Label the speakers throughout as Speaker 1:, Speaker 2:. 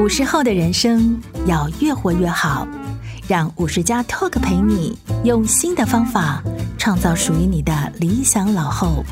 Speaker 1: 五十後的人生要越活越好，讓五十加 Talk 陪你用新的方法創造屬於你的理想老後。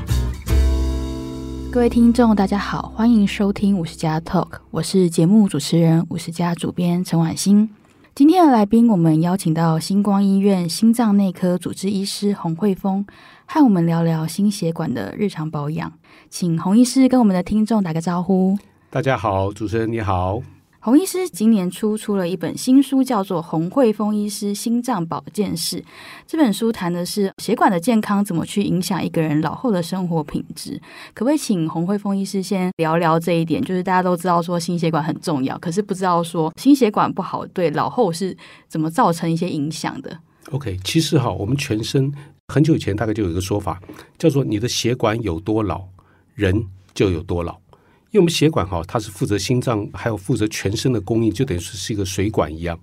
Speaker 1: 各位聽眾，大家好，歡迎收聽五十加 Talk，我是節目主持人五十加主編陳婉欣。今天的來賓，我們邀請到新光醫院心臟內科主治醫師洪惠風，和我們聊聊心血管的日常保養。請洪醫師跟我們的聽眾打個招呼。
Speaker 2: 大家好，主持人你好。
Speaker 1: 洪醫師今年初出了一本新書，叫做《洪惠風醫師心臟保健室》。這本書談的是血管的健康怎麼去影響一個人老後的生活品質。可不可以請洪惠風醫師先聊聊這一點？就是大家都知道說心血管很重要，可是不知道說心血管不好對老後是怎麼造成一些影響的
Speaker 2: ？OK，其實哈，我們全身很久以前大概就有一個說法，叫做你的血管有多老，人就有多老。因為我們血管哈，它是負責心臟，還有負責全身的供應，就等於說是一個水管一樣。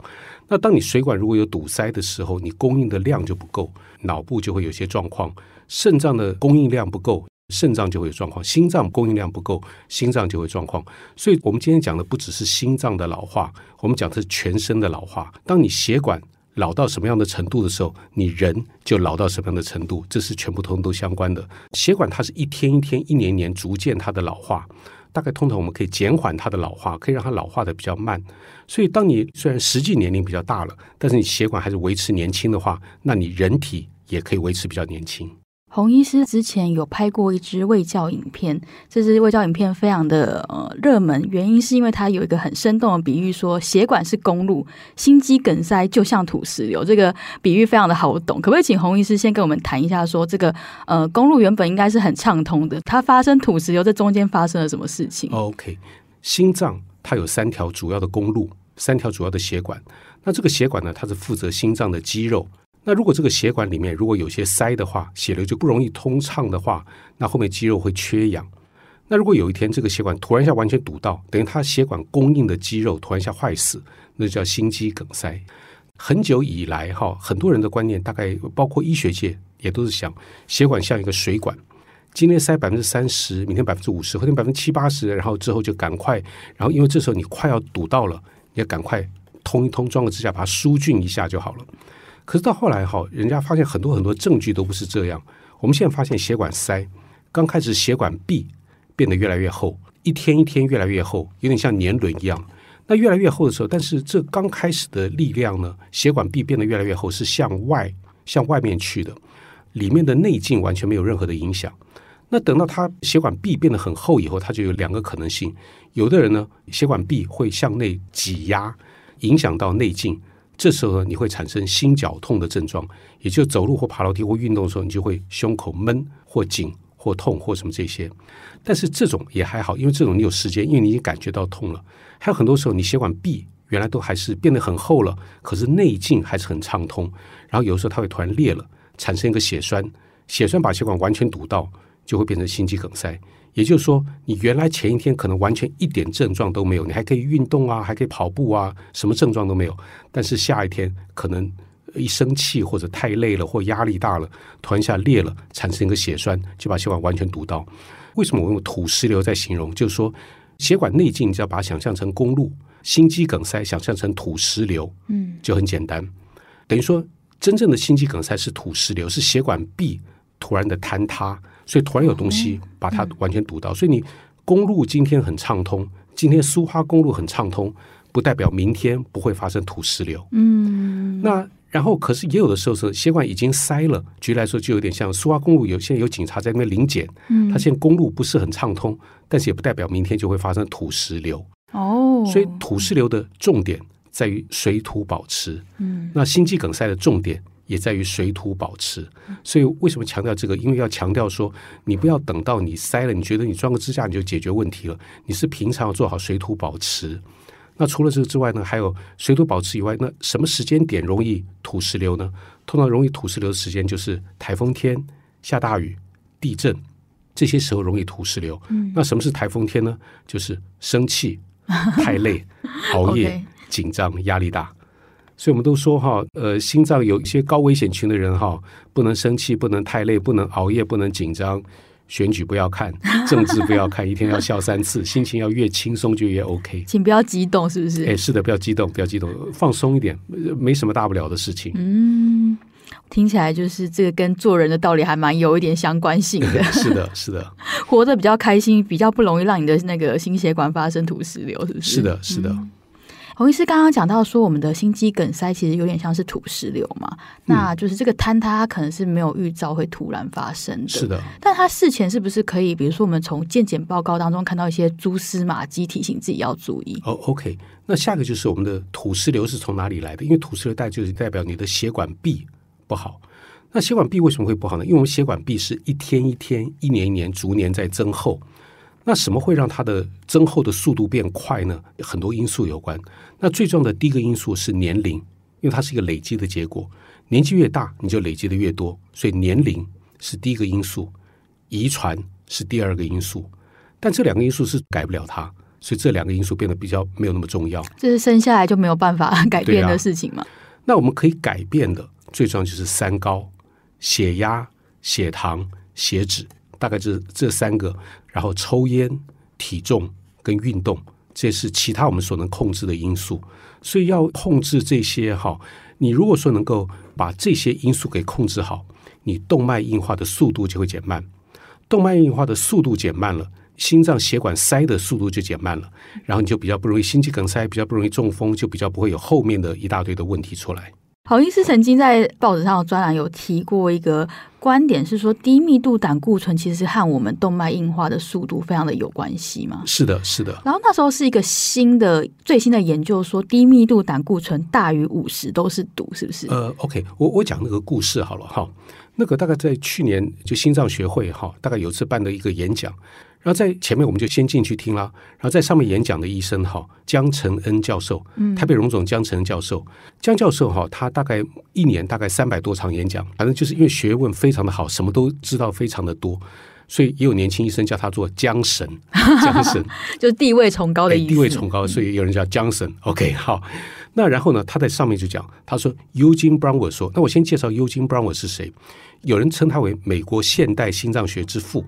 Speaker 2: 那當你水管如果有堵塞的時候，你供應的量就不夠，腦部就會有些狀況；腎臟的供應量不夠，腎臟就會有狀況；心臟供應量不夠，心臟就會有狀況。所以，我們今天講的不只是心臟的老化，我們講的是全身的老化。當你血管老到什麼樣的程度的時候，你人就老到什麼樣的程度，這是全部通通都相關的。血管它是一天一天、一年一年逐漸它的老化。大概通常我們可以減緩它的老化，可以讓它老化的比較慢。所以當你雖然實際年齡比較大了，但是你血管還是維持年輕的話，那你人體也可以維持比較年輕。
Speaker 1: 洪醫師之前有拍過一支衛教影片，這支衛教影片非常的呃熱門，原因是因為它有一個很生動的比喻，說血管是公路，心肌梗塞就像土石流。這個比喻非常的好懂，可不可以請洪醫師先跟我們談一下，說這個呃公路原本應該是很暢通的，它發生土石流，在中間發生了什麼事情？OK，
Speaker 2: 心臟它有三條主要的公路，三條主要的血管，那這個血管呢，它是負責心臟的肌肉。那如果這個血管裡面如果有些塞的話，血流就不容易通暢的話，那後面肌肉會缺氧。那如果有一天這個血管突然一下完全堵到，等於它血管供應的肌肉突然一下壞死，那叫心肌梗塞。很久以來哈，很多人的觀念大概包括醫學界也都是想，血管像一個水管，今天塞百分之三十，明天百分之五十，後天百分之七八十，然後之後就趕快，然後因為這時候你快要堵到了，你要趕快通一通，裝個支架把它疏浚一下就好了。可是到後來哈，人家發現很多很多證據都不是這樣。我們現在發現血管塞，剛開始血管壁變得越來越厚，一天一天越來越厚，有點像年輪一樣。那越來越厚的時候，但是這剛開始的力量呢，血管壁變得越來越厚，是向外，向外面去的，裡面的內徑完全沒有任何的影響。那等到它血管壁變得很厚以後，它就有兩個可能性：有的人呢，血管壁會向內擠壓，影響到內徑。這時候你會產生心絞痛的症狀，也就是走路或爬樓梯或運動的時候，你就會胸口悶或緊或痛或什麼這些。但是這種也還好，因為這種你有時間，因為你已經感覺到痛了。還有很多時候，你血管壁原來都還是變得很厚了，可是內徑還是很暢通。然後有時候它會突然裂了，產生一個血栓，血栓把血管完全堵到，就會變成心肌梗塞。也就是說，你原來前一天可能完全一點症狀都沒有，你還可以運動啊，還可以跑步啊，什麼症狀都沒有。但是下一天可能一生氣或者太累了或壓力大了，突然一下裂了，產生一個血栓，就把血管完全堵到。為什麼我用土石流在形容？就是說，血管內徑就要把它想象成公路，心肌梗塞想象成土石流，嗯，就很簡單。嗯，等於說，真正的心肌梗塞是土石流，是血管壁突然的坍塌。所以突然有東西把它完全堵到，Okay . mm. 所以你公路今天很暢通，今天蘇花公路很暢通，不代表明天不會發生土石流。嗯、mm.，那然後可是也有的時候是血管已經塞了，局來說就有點像蘇花公路有，有些有警察在那邊臨檢，mm. 他現在公路不是很暢通，但是也不代表明天就會發生土石流。哦
Speaker 3: ，oh. 所以
Speaker 2: 土石流的重點在於水土保持。嗯，mm. 那心肌梗塞的重點，也在於水土保持，所以為什麼強調這個？因為要強調說，你不要等到你塞了，你覺得你裝個支架你就解決問題了。你是平常要做好水土保持。那除了這個之外呢？還有水土保持以外，那什麼時間點容易土石流呢？通常容易土石流的時間就是台風天、下大雨、地震，這些時候容易土石流。嗯、那什麼是台風天呢？就是生氣、太累、 熬夜、Okay. 緊張、壓力大。所以我們都說哈，呃，心臟有一些高危險群的人哈，不能生氣，不能太累，不能熬夜，不能緊張。選舉不要看，政治不要看，一天要笑三次， 心情要越輕鬆就越 OK。
Speaker 1: 請不要激動，是不是？哎、欸，
Speaker 2: 是的，不要激動，不要激動，放鬆一點，呃、沒什麼大不了的事情。
Speaker 1: 嗯，聽起來就是這個跟做人的道理還蠻有一點相關性的。 是的，是的，活得比較開心，比較不容易讓你的那個心血管發生土石流，是不是？是的，是的。嗯洪醫師剛剛講到說，我們的心肌梗塞其實有點像是土石流嘛，嗯、那就是這個坍塌，可能是沒有預兆會突然發生的。是
Speaker 3: 的，
Speaker 1: 但它事前是不是可以，比如說我們從健檢報告當中看到一些蛛絲馬跡，提
Speaker 2: 醒自己要注意？哦、oh，OK。那下一個就是我們的土石流是從哪裡來的？因為土石流代就是代表你的血管壁不好。那血管壁為什麼會不好呢？因為我們血管壁是一天一天、一年一年、一年逐年在增厚。那什麼會讓它的增厚的速度變快呢？很多因素有關。那最重要的第一個因素是年齡，因為它是一個累積的結果。年紀越大，你就累積得越多，所以年齡是第一個因素。遺傳是第二個因素，但這兩個因素是改不了它，所以這兩個因素變得比較沒有那麼重要。
Speaker 1: 這是生下來就沒有辦法改變的事情嗎？啊、
Speaker 2: 那我們可以改變的，最重要就是三高：血壓、血糖、血脂。大概這這三個，然後抽煙、體重跟運動，這是其他我們所能控制的因素。所以要控制這些哈，你如果說能夠把這些因素給控制好，你動脈硬化的速度就會減慢，動脈硬化的速度減慢了，心臟血管塞的速度就減慢了，然後你就比較不容易心肌梗塞，比較不容易中風，就比較不會有後面的一大堆的問題出來。
Speaker 1: 洪醫師曾經在報紙上的專欄有提過一個觀點，是說低密度膽固醇其實和我們動脈硬化的速度非常的有關係嗎？
Speaker 2: 是的，是的。
Speaker 1: 然後那時候是一個新的最新的研究說，低密度膽固醇大於五十都是毒，
Speaker 2: 是不是？呃，OK，我我講那個故事好了哈，那個大概在去年就心臟學會哈，大概有次辦了一個演講。然後在前面我們就先進去聽啦。然後在上面演講的醫生哈，江成恩教授，台北榮總江成恩教授，嗯、江教授哈，他大概一年大概三百多場演講，反正就是因為學問非常的好，什麼都知道非常的多，所以也有年輕醫生叫他做江神，江神 Johnson, 就是地位崇高的意、哎，地位崇高，所以有人叫江神、嗯。OK，好，那然後呢，他在上面就講，他說，尤金·布朗沃說，那我先介紹尤金·布朗沃是誰，有人稱他為美國現代心臟學之父。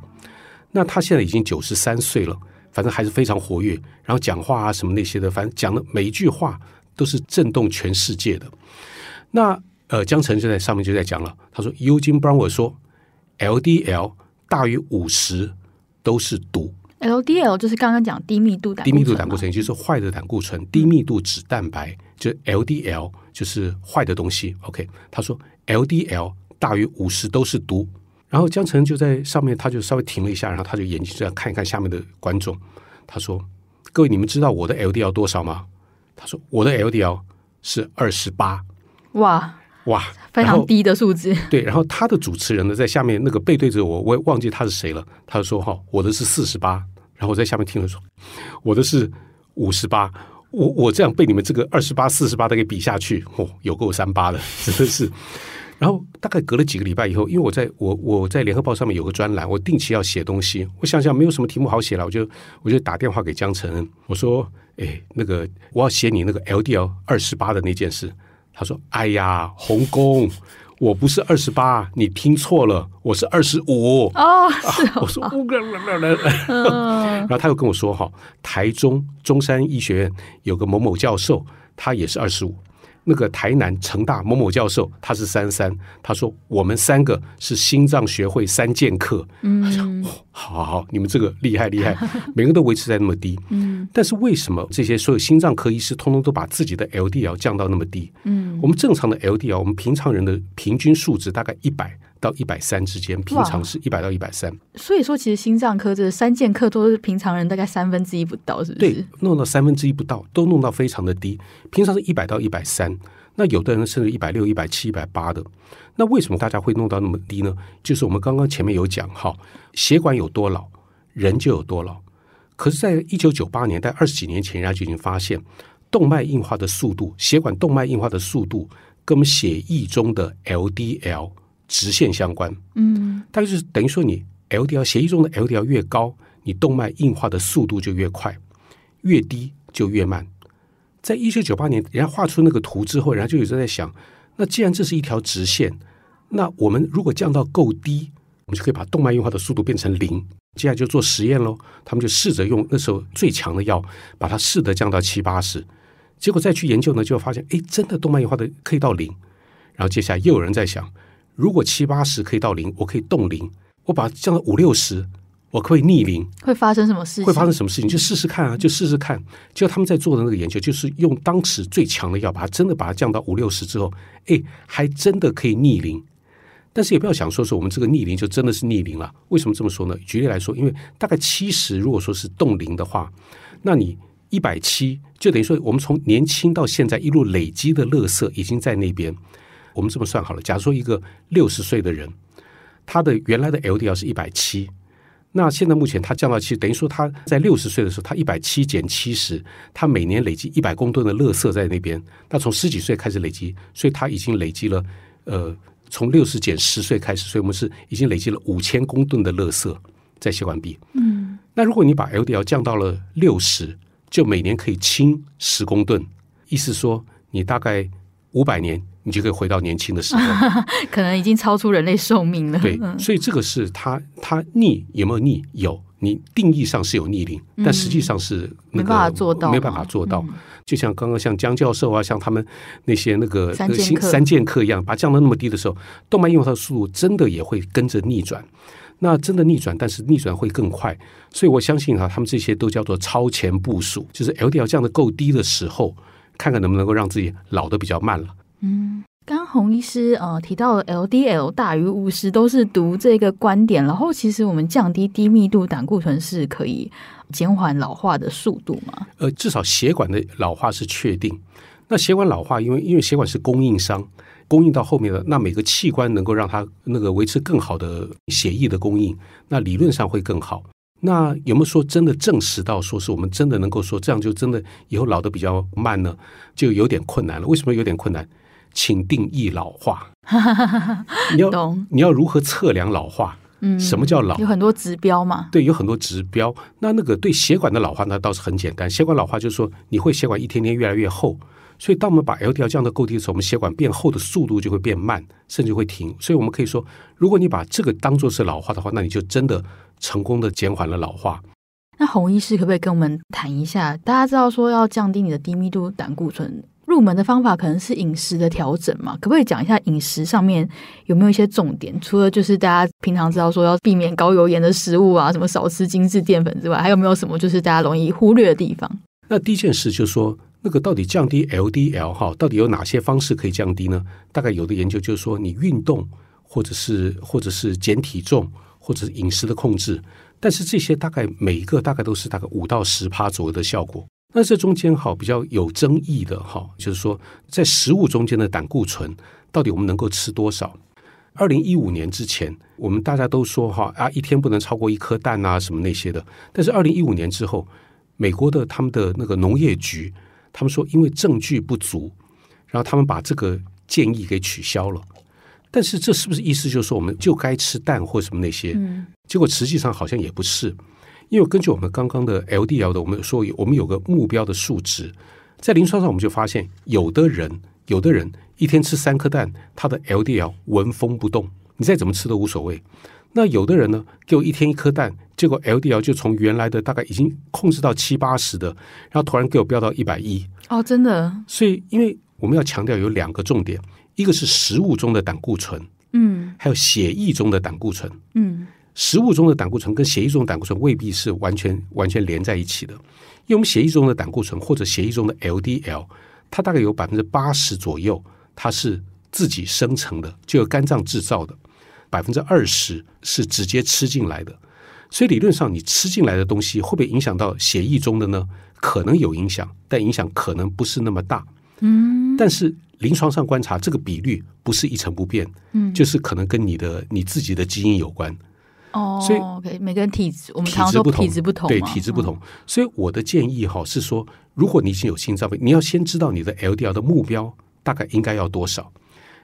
Speaker 2: 那他現在已經九十三歲了，反正還是非常活躍。然後講話啊什麼那些的，反正講的每一句話都是震動全世界的。那呃，江晨就在上面就在講了，他說，Eugene Braunwald 說，L D L 大於五十都是毒。
Speaker 1: L D L 就是剛剛講低密度的低密度膽
Speaker 2: 固醇，就是壞的膽固醇。低密度脂蛋白就是 L D L，就是壞的東西。OK，他說 L D L 大於五十都是毒。然後江晨就在上面，他就稍微停了一下，然後他就眼睛這樣看一看下面的觀眾。他說：“各位，你們知道我的 LDL 多少嗎？”他說：“我的 LDL 是二十八。”
Speaker 1: 哇哇，
Speaker 2: 哇非常
Speaker 1: 低的數字。
Speaker 2: 對，然後他的主持人呢，在下面那個背對着我，我也忘記他是誰了。他就說：“哈、哦，我的是四十八。”然後我在下面聽了說：“我的是五十八。”我我這樣被你們這個二十八、四十八的給比下去，哦，有夠三八的，真的是。 然後大概隔了幾個禮拜以後，因為我在我我在聯合報上面有個專欄，我定期要寫東西。我想想沒有什麼題目好寫了，我就我就打電話給江澄，我說：“哎，那個我要寫你那個 LDL 二十八的那件事。”他說：“哎呀，洪工，我不是二十八，你聽錯了，我是二十五。”哦哦
Speaker 3: 啊，我說、哦、
Speaker 2: 然後他又跟我說：“哈，台中中山醫學院有個某某教授，他也是二十五。”那個台南成大某某教授，他是三三，他說我們三個是心臟學會三劍客，
Speaker 3: 嗯，好、
Speaker 2: 哦、好好，你們這個厲害厲害，每個人都維持在那麼低，嗯，但是為什麼這些所有心臟科醫師通通都把自己的 LDL 降到那麼低？嗯，我們正常的 LDL，我們平常人的平均數值大概一百。到一百三之間，平常是一百到一百三，
Speaker 1: 所以說其實心臟科這三劍客都是平常人大概三分之一不到，是不是？對，
Speaker 2: 弄到三分之一不到，都弄到非常的低，平常是一百到一百三，那有的人甚至一百六、一百七、一百八的，那為什麼大家會弄到那麼低呢？就是我們剛剛前面有講哈，血管有多老，人就有多老。可是在，在一九九八年代二十幾年前，人家就已經發現動脈硬化的速度，血管動脈硬化的速度跟我們血液中的 LDL，直線相關，
Speaker 3: 嗯，
Speaker 2: 大概就是等於說你 LDL 協議中的 LDL 越高，你動脈硬化的速度就越快，越低就越慢。在一九九八年，人家畫出那個圖之後，人家就有人在想，那既然這是一條直線，那我們如果降到夠低，我們就可以把動脈硬化的速度變成零。接下來就做實驗嘍，他們就試着用那時候最強的藥，把它試着降到七八十，結果再去研究呢，就發現，哎、欸，真的動脈硬化的可以到零。然後接下來又有人在想。如果七八十可以到零，我可以凍齡；我把它降到五六十，我可以逆齡。
Speaker 1: 會發生什麼事情？會發生什
Speaker 2: 麼事情？就試試看啊，就試試看。就他們在做的那個研究，就是用當時最強的藥，把它真的把它降到五六十之後，哎，還真的可以逆齡。但是也不要想說說我們這個逆齡就真的是逆齡了。為什麼這麼說呢？舉例來說，因為大概七十，如果說是凍齡的話，那你一百七，就等於說我們從年輕到現在一路累積的垃圾已經在那邊。我們這麼算好了，假如說一個六十歲的人，他的原來的 L D L 是一百七，那現在目前他降到七，等於說他在六十歲的時候，他一百七減七十，70，他每年累積一百公噸的垃圾在那邊。那從十幾歲開始累積，所以他已經累積了呃，從六十減十歲開始，所以我們是已經累積了五千公噸的垃圾在血管壁。嗯，那如果你把 L D L 降到了六十，就每年可以清十公噸，意思說你大概五百年。你就可以回到年輕的時候，
Speaker 1: 可能已經超出人類壽命了。對，所
Speaker 2: 以這個是它它，逆有沒有逆？有，你定義上是有逆齡，嗯、但實際上是沒有辦法做到，沒有辦法做到。嗯、就像剛剛像江教授啊，像他們那些那個三劍客，三劍客一樣，把降到那麼低的時候，動脈硬化的速度真的也會跟着逆轉。那真的逆轉，但是逆轉會更快。所以我相信啊，他們這些都叫做超前部署，就是 LDL 降得夠低的時候，看看能不能夠讓自己老得比較慢了。
Speaker 1: 嗯，剛剛洪醫師呃提到 LDL 大於五十都是毒這個觀點，然後其實我們降低低密度膽固醇是可以減緩老化的速度嘛？
Speaker 2: 呃，至少血管的老化是確定。那血管老化，因為因為血管是供應商，供應到後面的那每個器官能夠讓它那個維持更好的血液的供應，那理論上會更好。那有沒有說真的證實到說是我們真的能夠說這樣就真的以後老得比較慢呢？就有點困難了。為什麼有點困難？請定義老化， 你要懂你要如何測量老化？嗯，什麼叫老？有很
Speaker 1: 多指標嘛，
Speaker 2: 對，有很多指標。那那個對血管的老化呢，那倒是很簡單。血管老化就是說，你會血管一天天越來越厚，所以當我們把 LDL 降到夠低的時候，我們血管變厚的速度就會變慢，甚至會停。所以我們可以說，如果你把這個當做是老化的話，那你就真的成功的減緩了老化。
Speaker 1: 那洪醫師可不可以跟我們談一下？大家知道說要降低你的低密度膽固醇。入門的方法可能是飲食的調整嘛？可不可以講一下飲食上面有沒有一些重點？除了就是大家平常知道說要避免高油鹽的食物啊，什麼少吃精致澱粉之外，還有沒有什麼就是大家容易忽略的地方？
Speaker 2: 那第一件事就是說，那個到底降低 LDL 哈，到底有哪些方式可以降低呢？大概有的研究就是說你，你運動或者是或者是減體重，或者是飲食的控制，但是這些大概每一個大概都是大概五到十趴左右的效果。那這中間好比較有爭議的哈，就是說在食物中間的膽固醇到底我們能夠吃多少？二零一五年之前，我們大家都說哈啊，一天不能超過一顆蛋啊什麼那些的。但是二零一五年之後，美國的他們的那個農業局，他們說因為證據不足，然後他們把這個建議給取消了。但是這是不是意思就是說我們就該吃蛋或什麼那些？結果實際上好像也不是。因為根據我們剛剛的 LDL 的，我們說我們有個目標的數值，在臨床上我們就發現，有的人有的人一天吃三顆蛋，他的 LDL 紋風不動，你再怎麼吃都無所謂。那有的人呢，給我一天一顆蛋，結果 LDL 就從原來的大概已經控制到七八十的，然後突然給我飆到一百一。
Speaker 1: 哦，真的。
Speaker 2: 所以因為我們要強調有兩個重點，一個是食物中的膽固醇，嗯，還有血液中的膽固醇，嗯。食物中的膽固醇跟血液中的膽固醇未必是完全完全連在一起的，因為我們血液中的膽固醇或者血液中的 LDL，它大概有百分之八十左右它是自己生成的，就由肝臟製造的，百分之二十是直接吃進來的。所以理論上你吃進來的東西會不會影響到血液中的呢？可能有影響，但影響可能不是那麼大。
Speaker 3: 但
Speaker 2: 是臨床上觀察這個比率不是一成不變，就是可能跟你的你自己的基因有關。哦，oh, okay, 所以
Speaker 1: 每個人體質，我們常常說體質不同，對，體質不
Speaker 2: 同。嗯，所以我的建議哈是說，如果你已經有心臟病，你要先知道你的 LDL 的目標大概應該要多少，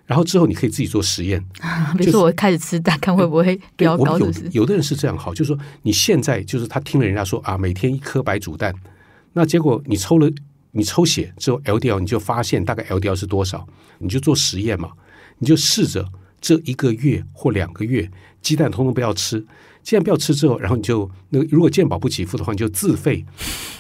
Speaker 2: 然後之後你可以自己做實驗，
Speaker 1: 比如說我開始吃蛋，看會不會。對，比較高，我們有有的
Speaker 2: 人是這樣。好，就是說你現在就是他聽了人家說啊，每天一顆白煮蛋，那結果你抽了你抽血之後 LDL 你就發現大概 LDL 是多少，你就做實驗嘛，你就試着。這一個月或兩個月，雞蛋通通不要吃。雞蛋不要吃之後，然後你就，那如果健保不給付的話，你就自費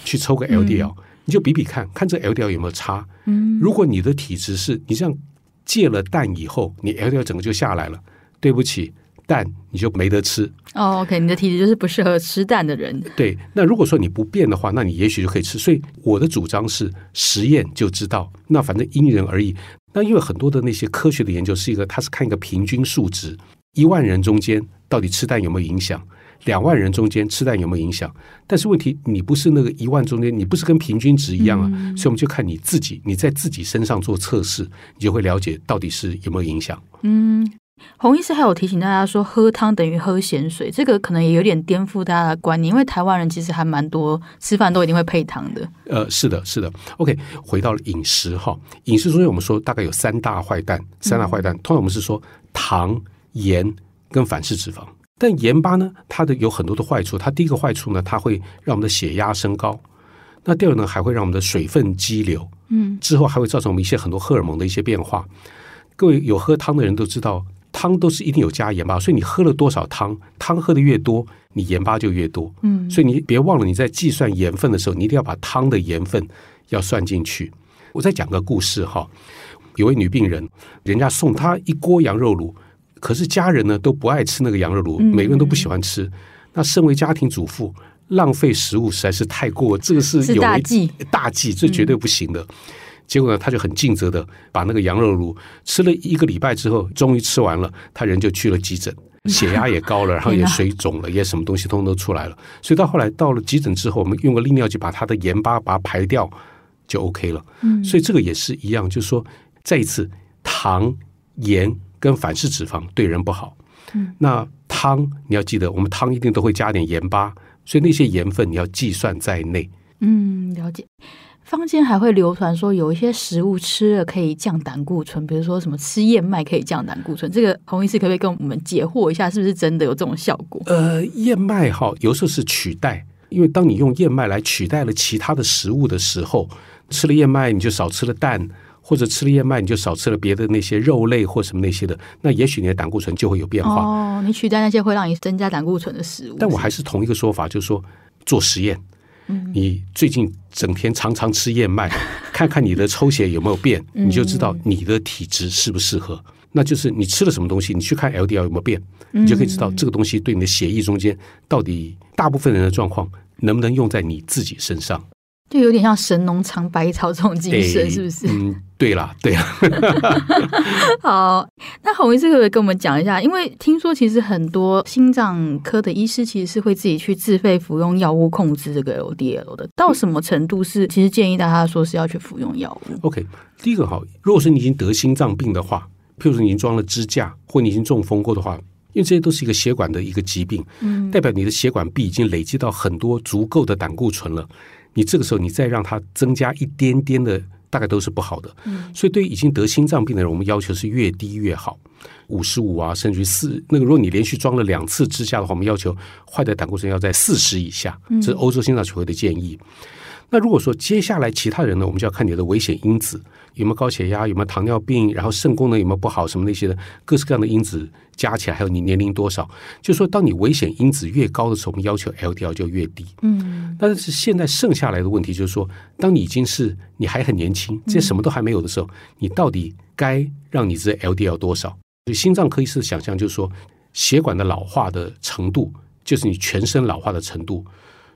Speaker 2: 去抽個 LDL，嗯，你就比比看看這 LDL 有沒有差。嗯，如果你的體質是，你這樣戒了蛋以後，你 LDL 整個就下來了，對不起。蛋你就沒得吃
Speaker 3: 哦。Oh,
Speaker 1: OK，你的體質就是不適合吃蛋的人。
Speaker 2: 對，那如果說你不變的話，那你也許就可以吃。所以我的主張是，實驗就知道。那反正因人而異。那因為很多的那些科學的研究是一個，他是看一個平均數值，一萬人中間到底吃蛋有沒有影響，兩萬人中間吃蛋有沒有影響。但是問題你不是那個一萬中間，你不是跟平均值一樣啊。嗯、所以我們就看你自己，你在自己身上做測試，你就會了解到底是有沒有影響。
Speaker 1: 嗯。洪醫師還有提醒大家說，喝湯等於喝鹹水，這個可能也有點顛覆大家的觀念，因為台灣人其實還蠻多吃飯都一定會配湯的。
Speaker 2: 呃，是的，是的。OK，回到飲食哈，飲食中間我們說大概有三大壞蛋，嗯、三大壞蛋通常我們是說糖、鹽跟反式脂肪。但鹽巴呢，它的有很多的壞處。它第一個壞處呢，它會讓我們的血壓升高。那第二呢，還會讓我們的水分激流。嗯，之後還會造成我們一些很多荷爾蒙的一些變化。各位有喝湯的人都知道。湯都是一定有加鹽巴，所以你喝了多少湯，湯喝得越多，你鹽巴就越多。嗯，所以你別忘了你在計算鹽分的時候，你一定要把湯的鹽分要算進去。我再講個故事哈，有位女病人，人家送她一鍋羊肉爐，可是家人呢都不愛吃那個羊肉爐，每個人都不喜歡吃。嗯、那身為家庭主婦，浪費食物實在是太過，這個是有大忌，大忌，這絕對不行的。嗯結果呢，他就很盡責的把那個羊肉爐吃了一個禮拜之後，終於吃完了，他人就去了急診，血壓也高了，然後也水腫了， 對的也什麼東西通通都出來了。所以到後來到了急診之後，我們用個利尿劑把他的鹽巴把它排掉，就 OK 了。嗯，所以這個也是一樣，就是說，再一次，糖、鹽跟反式脂肪對人不好。嗯，那湯你要記得，我們湯一定都會加點鹽巴，所以那些鹽分你要計算在內。
Speaker 1: 嗯，了解。坊間還會流傳說，有一些食物吃了可以降膽固醇，比如說什麼吃燕麥可以降膽固醇。這個洪醫師可不可以跟我們解惑一下，是不是真的有這種效果？
Speaker 2: 呃，燕麥哈、哦，有時候是取代，因為當你用燕麥來取代了其他的食物的時候，吃了燕麥你就少吃了蛋，或者吃了燕麥你就少吃了別的那些肉類或什麼那些的，那也許你的膽固醇就會有變化。
Speaker 1: 哦，你取代那些會讓你增加膽固醇
Speaker 3: 的食物。但我
Speaker 2: 還是同一個說法，是嗎？就是說做實驗。你最近整天常常吃燕麥，看看你的抽血有沒有變，你就知道你的體質適不適合。那就是你吃了什麼東西，你去看 LDL 有沒有變，你就可以知道這個東西對你的血液中間到底，大部分人的狀況能不能用在你自己身上。
Speaker 1: 就有點像神農嚐百草這種精神，是不是？嗯，
Speaker 2: 對啦，對啦。
Speaker 1: 好，那洪醫師可不可以跟我們講一下，因為聽說其實很多心臟科的醫師其實是會自己去自費服用藥物控制這個 LDL 的。到什麼程度是其實建議大家說是要去服用藥
Speaker 2: 物？OK，第一個好。如果是你已經得心臟病的話，譬如說你已經裝了支架或你已經中風過的話，因為這些都是一個血管的一個疾病，嗯，代表你的血管壁已經累積到很多足夠的膽固醇了。你這個時候，你再讓它增加一點點的，大概都是不好的。嗯、所以，對於已經得心臟病的人，我們要求是越低越好，五十五啊，甚至於四。那個，如果你連續裝了兩次支架的話，我們要求壞的膽固醇要在四十以下，這是歐洲心臟學會的建議。嗯那如果說接下來其他人呢，我們就要看你的危險因子，有沒有高血壓，有沒有糖尿病，然後腎功能有沒有不好，什麼那些的，各式各樣的因子加起來，還有你年齡多少，就說當你危險因子越高的時候，我們要求 LDL 就越低。嗯，但是現在剩下來的問題就是說，當你已經是你還很年輕，這些什麼都還沒有的時候，嗯、你到底該讓你這 LDL 多少？就心臟科醫師想像就是說，血管的老化的程度就是你全身老化的程度。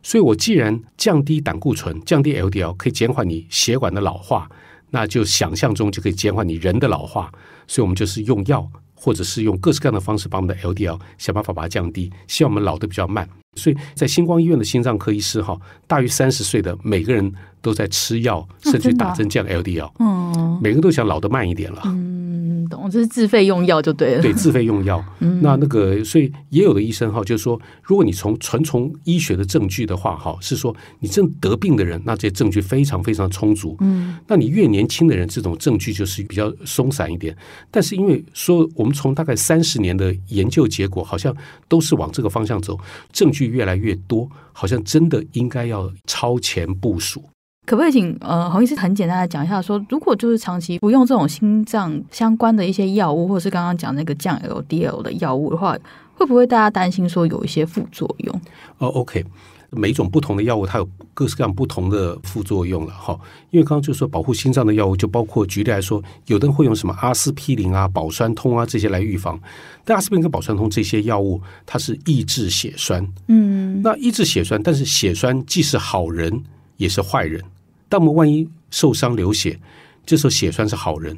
Speaker 2: 所以，我既然降低膽固醇、降低 LDL，可以減緩你血管的老化，那就想象中就可以減緩你人的老化。所以，我們就是用藥，或者是用各式各樣的方式，把我們的 LDL 想辦法把它降低，希望我們老得比較慢。所以在新光醫院的心臟科醫師，哈，大於三十歲的每個人。都在吃藥，甚至打針，降 LDL。哦啊，每個人都想老得慢一點
Speaker 3: 了。嗯，
Speaker 1: 懂，這、就是自費用藥就對了。對，自
Speaker 2: 費用藥。嗯，那那個，所以也有的醫生哈，就是說，如果你從純從醫學的證據的話，哈，是說你正得病的人，那這些證據非常非常充足。嗯，那你越年輕的人，這種證據就是比較鬆散一點。但是因為說，我們從大概三十年的研究結果，好像都是往這個方向走，證據越來越多，好像真的應該要超前部署。
Speaker 1: 可不可以請呃洪醫師很簡單的講一下說，說如果就是長期不用這種心臟相關的一些藥物，或者是剛剛講那個降 LDL 的藥物的話，會不會大家擔心說有一些副
Speaker 2: 作用？哦、oh，OK，每一種不同的藥物它有各式各樣不同的副作用了哈。因為剛剛就說保護心臟的藥物，就包括舉例來說，有的人會用什麼阿司匹林啊、保栓通啊這些來預防。但阿司匹林跟保栓通這些藥物，它是抑制血栓。嗯，那抑制血栓，但是血栓既是好人，也是壞人，當我們萬一受傷流血，這時候血栓是好人。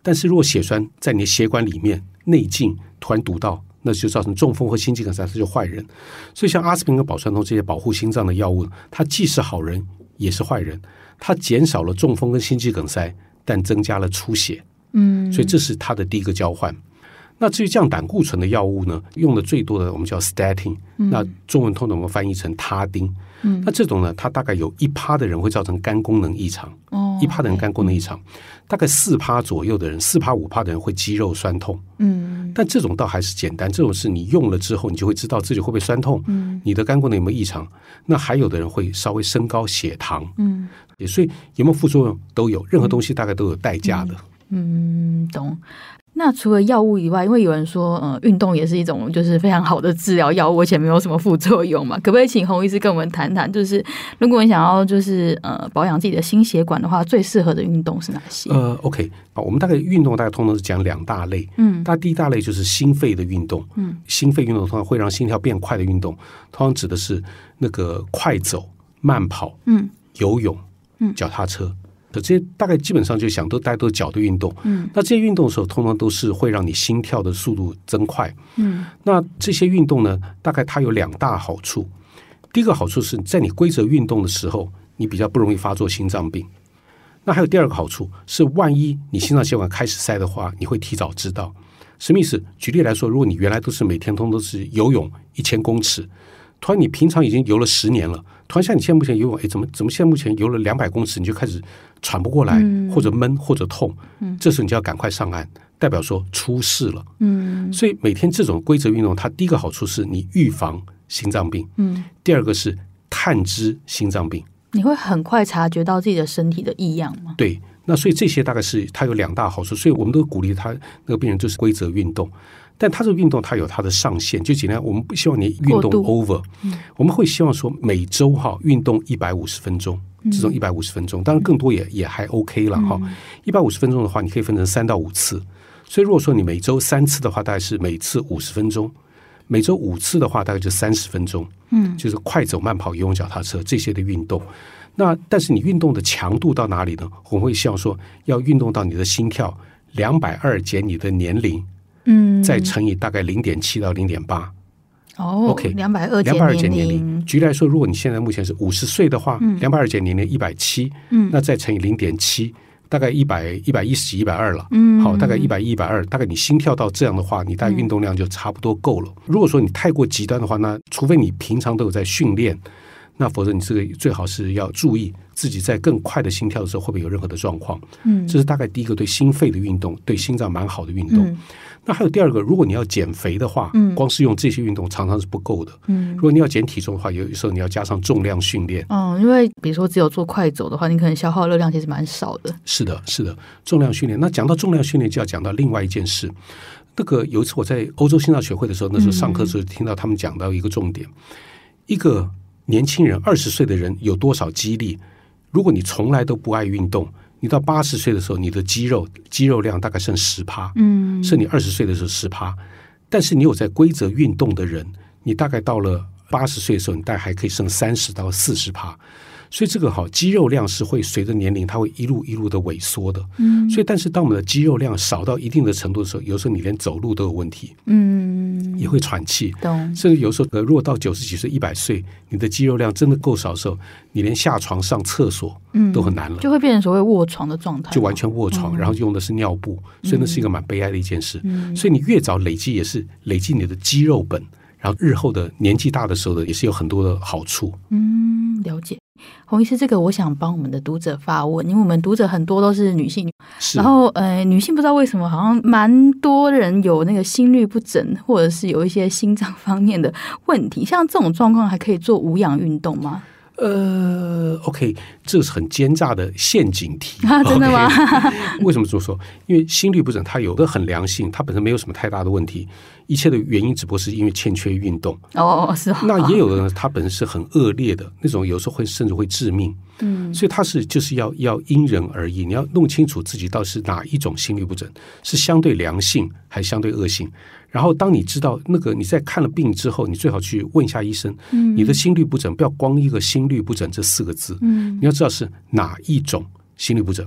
Speaker 2: 但是，如果血栓在你血管裡面內徑突然堵到，那就造成中風和心肌梗塞，這就壞人。所以，像阿司匹林和保栓通這些保護心臟的藥物，它既是好人也是壞人。它減少了中風跟心肌梗塞，但增加了出血。嗯，所以這是它的第一個交換。那至於降膽固醇的藥物呢，用的最多的我們叫 statin、嗯、那中文通常我們翻譯成他汀、嗯。那這種呢，它大概有一趴的人會造成肝功能異常，一趴、哦、的人肝功能異常，嗯、大概四趴左右的人，四趴五趴的人會肌肉痠痛。
Speaker 3: 嗯、
Speaker 2: 但這種倒還是簡單，這種是你用了之後，你就會知道自己會不會痠痛，嗯、你的肝功能有沒有異常？那還有的人會稍微升高血糖，嗯，所以有沒有副作用都有，任何東西大概都有代價的。
Speaker 1: 嗯，嗯，嗯，懂。那除了藥物以外，因為有人說，呃運動也是一種就是非常好的治療藥物，而且沒有什麼副作用嘛。可不可以請洪醫師跟我們談談，就是如果你想要就是呃保養自己的心血管的話，最適合的運動是哪些？呃
Speaker 2: ，OK，我們大概運動大概通常是講兩大類，嗯，那第一大類就是心肺的運動，嗯，心肺運動通常會讓心跳變快的運動，通常指的是那個快走、慢跑、嗯，游泳、嗯，嗯腳踏車。這些大概基本上就想都帶是都腳的運動，嗯，那這些運動的時候，通常都是會讓你心跳的速度增快。嗯，那這些運動呢，大概它有兩大好處。第一個好處是在你規則運動的時候，你比較不容易發作心臟病。那還有第二個好處是，萬一你心臟血管開始塞的話，你會提早知道。什麼意思？舉例來說，如果你原來都是每天通都是游泳一千公尺，突然你平常已經游了十年了。好像你現在目前游泳，哎，怎麼怎麼現在目前游了兩百公尺，你就開始喘不過來，嗯、或者悶或者痛，嗯，這時候你就要趕快上岸，代表說出事了，嗯，所以每天這種規則運動，它第一個好處是你預防心臟病，嗯，第二個是探知心臟病，
Speaker 1: 你會很快察覺到自己的身體的異樣嗎？
Speaker 2: 對，那所以這些大概是它有兩大好處，所以我們都鼓勵他那個病人就是規則運動。但它這個運動，它有它的上限，就盡量我們不希望你運動 over，過度，我們會希望說每周哈運動一百五十分鐘，至少一百五十分鐘，當然更多也、嗯、也還 OK 了哈。一百五十分鐘的話，你可以分成三到五次，所以如果說你每周三次的話，大概是每次五十分鐘；每周五次的話，大概就三十分鐘。嗯，就是快走、慢跑、游泳、腳踏車這些的運動。那但是你運動的強度到哪裡呢？我們會希望說要運動到你的心跳兩百二減你的年齡，
Speaker 3: 嗯，再乘
Speaker 2: 以大概零點七到零點八
Speaker 3: 哦，OK，兩百二減年齡，兩百二減年齡，
Speaker 2: 舉例來說，如果你現在目前是五十歲的話，兩百二減年齡一百七，0, 170, 嗯，那再乘以零點七，大概一百一120一百二了，好，大概一百一一百二，大概你心跳到這樣的話，你大概運動量就差不多夠了。如果說你太過極端的話，那除非你平常都有在訓練，那否則你這個最好是要注意自己在更快的心跳的時候會不會有任何的狀況。嗯，這是大概第一個對心肺的運動，對心臟蠻好的運動。嗯那還有第二個，如果你要減肥的話，嗯，光是用這些運動常常是不夠的，嗯，如果你要減體重的話，有的時候你要加上重量訓練，
Speaker 1: 嗯，因為比如說只有做快走的話，你可能消耗熱量其實蠻少的，
Speaker 2: 是的，是的，重量訓練。那講到重量訓練，就要講到另外一件事。那個有一次我在歐洲心臟學會的時候，那時候上課的時候聽到他們講到一個重點：嗯嗯，一個年輕人，二十歲的人有多少肌力？如果你從來都不愛運動。你到八十歲的時候，你的肌肉肌肉量大概剩十趴，嗯，剩你二十歲的時候十趴，但是你有在規則運動的人，你大概到了八十歲的時候，你大概還可以剩三十到四十趴。所以這個好，肌肉量是會隨着年齡，它會一路一路的萎縮的。嗯，所以但是當我們的肌肉量少到一定的程度的時候，有時候你連走路都有問題。
Speaker 3: 嗯，也會
Speaker 2: 喘氣。懂。甚至有時候，呃，如果到九十幾歲、一百歲，你的肌肉量真的夠少的時候，你連下床上廁所都很難了，嗯，就會
Speaker 1: 變成所謂臥床的狀態，啊，就完
Speaker 2: 全臥床，嗯，然後用的是尿布。所以那是一個蠻悲哀的一件事。嗯，所以你越早累積，也是累積你的肌肉本。然後日後的年紀大的時候呢，也是有很多的好處。
Speaker 1: 嗯，了解，洪醫師，這個我想幫我們的讀者發問，因為我們讀者很多都是女性，是然後呃，女性不知道為什麼好像蠻多人有那個心律不整，或者是有一些心臟方面的問題，像這種狀況還可以做無氧運動嗎？
Speaker 2: 呃，OK，這是很奸詐的陷阱題，okay? 啊，真的嗎？ 為什麼這麼說？因為心律不整，它有的很良性，它本身沒有什麼太大的問題，一切的原因只不過是因為欠缺運動。哦，是吧？那也有的呢，它本身是很惡劣的，那種有時候會甚至會致命。嗯，所以它是就是要要因人而異，你要弄清楚自己到底是哪一種心律不整，是相對良性還是相對惡性。然後，當你知道那個你在看了病之後，你最好去問一下醫生，你的心律不整，不要光一個“心律不整”這四個字，你要知道是哪一種心律不整。